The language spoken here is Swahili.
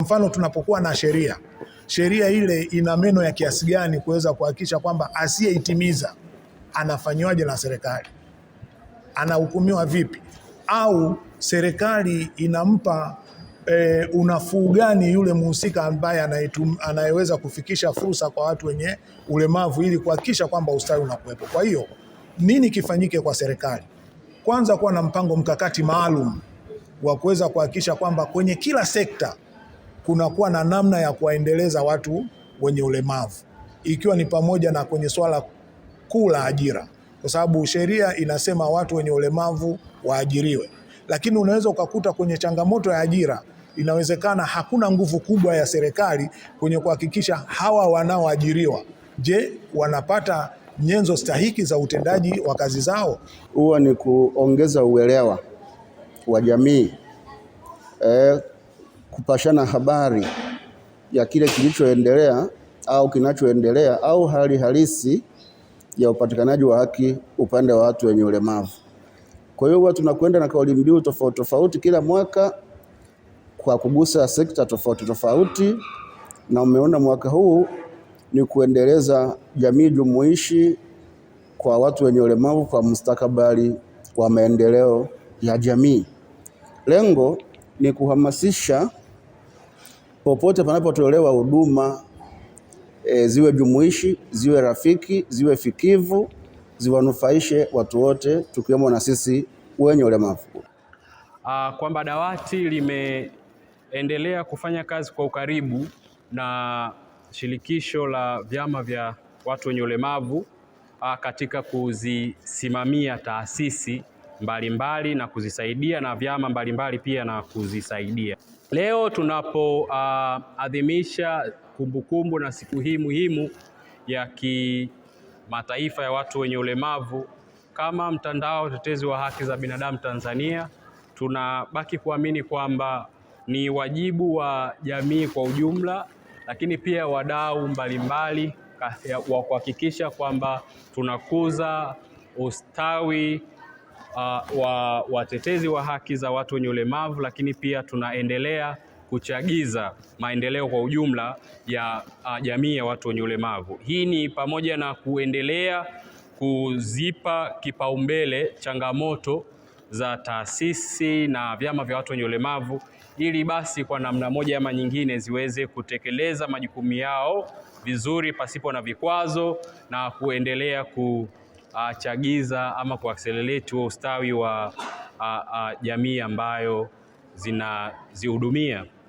Mfano, tunapokuwa na sheria, sheria ile ina meno ya kiasi gani kuweza kuhakikisha kwamba asiyeitimiza anafanywaje na serikali, anahukumiwa vipi, au serikali inampa e, unafuu gani yule mhusika ambaye anayeweza kufikisha fursa kwa watu wenye ulemavu ili kuhakikisha kwamba ustawi unakuwepo. Kwa hiyo nini kifanyike kwa serikali? Kwanza, kuwa na mpango mkakati maalum wa kuweza kuhakikisha kwamba kwenye kila sekta kunakuwa na namna ya kuwaendeleza watu wenye ulemavu, ikiwa ni pamoja na kwenye swala kuu la ajira, kwa sababu sheria inasema watu wenye ulemavu waajiriwe, lakini unaweza ukakuta kwenye changamoto ya ajira inawezekana hakuna nguvu kubwa ya serikali kwenye kuhakikisha hawa wanaoajiriwa, je, wanapata nyenzo stahiki za utendaji wa kazi zao? Huwa ni kuongeza uelewa wa jamii e, kupashana habari ya kile kilichoendelea au kinachoendelea au hali halisi ya upatikanaji wa haki upande wa watu wenye ulemavu. Kwa hiyo huwa tunakwenda na kauli mbiu tofauti tofauti kila mwaka kwa kugusa sekta tofauti tofauti, na umeona mwaka huu ni kuendeleza jamii jumuishi kwa watu wenye ulemavu kwa mustakabali wa maendeleo ya jamii. Lengo ni kuhamasisha popote panapotolewa huduma e, ziwe jumuishi, ziwe rafiki, ziwe fikivu, ziwanufaishe watu wote, tukiwemo na sisi wenye ulemavu. Uh, kwamba dawati limeendelea kufanya kazi kwa ukaribu na shirikisho la vyama vya watu wenye ulemavu uh, katika kuzisimamia taasisi mbalimbali mbali na kuzisaidia na vyama mbalimbali mbali pia na kuzisaidia. Leo tunapoadhimisha ah, uh, kumbukumbu na siku hii muhimu ya kimataifa ya watu wenye ulemavu, kama mtandao tetezi wa haki za binadamu Tanzania, tunabaki kuamini kwamba ni wajibu wa jamii kwa ujumla, lakini pia wadau mbalimbali wa kuhakikisha kwamba tunakuza ustawi uh, wa watetezi wa haki za watu wenye ulemavu, lakini pia tunaendelea kuchagiza maendeleo kwa ujumla ya uh, jamii ya watu wenye ulemavu. Hii ni pamoja na kuendelea kuzipa kipaumbele changamoto za taasisi na vyama vya watu wenye ulemavu ili basi kwa namna moja ama nyingine ziweze kutekeleza majukumu yao vizuri pasipo na vikwazo na kuendelea ku uh, chagiza ama kuakselerate huo ustawi wa uh, uh, jamii ambayo zinazihudumia.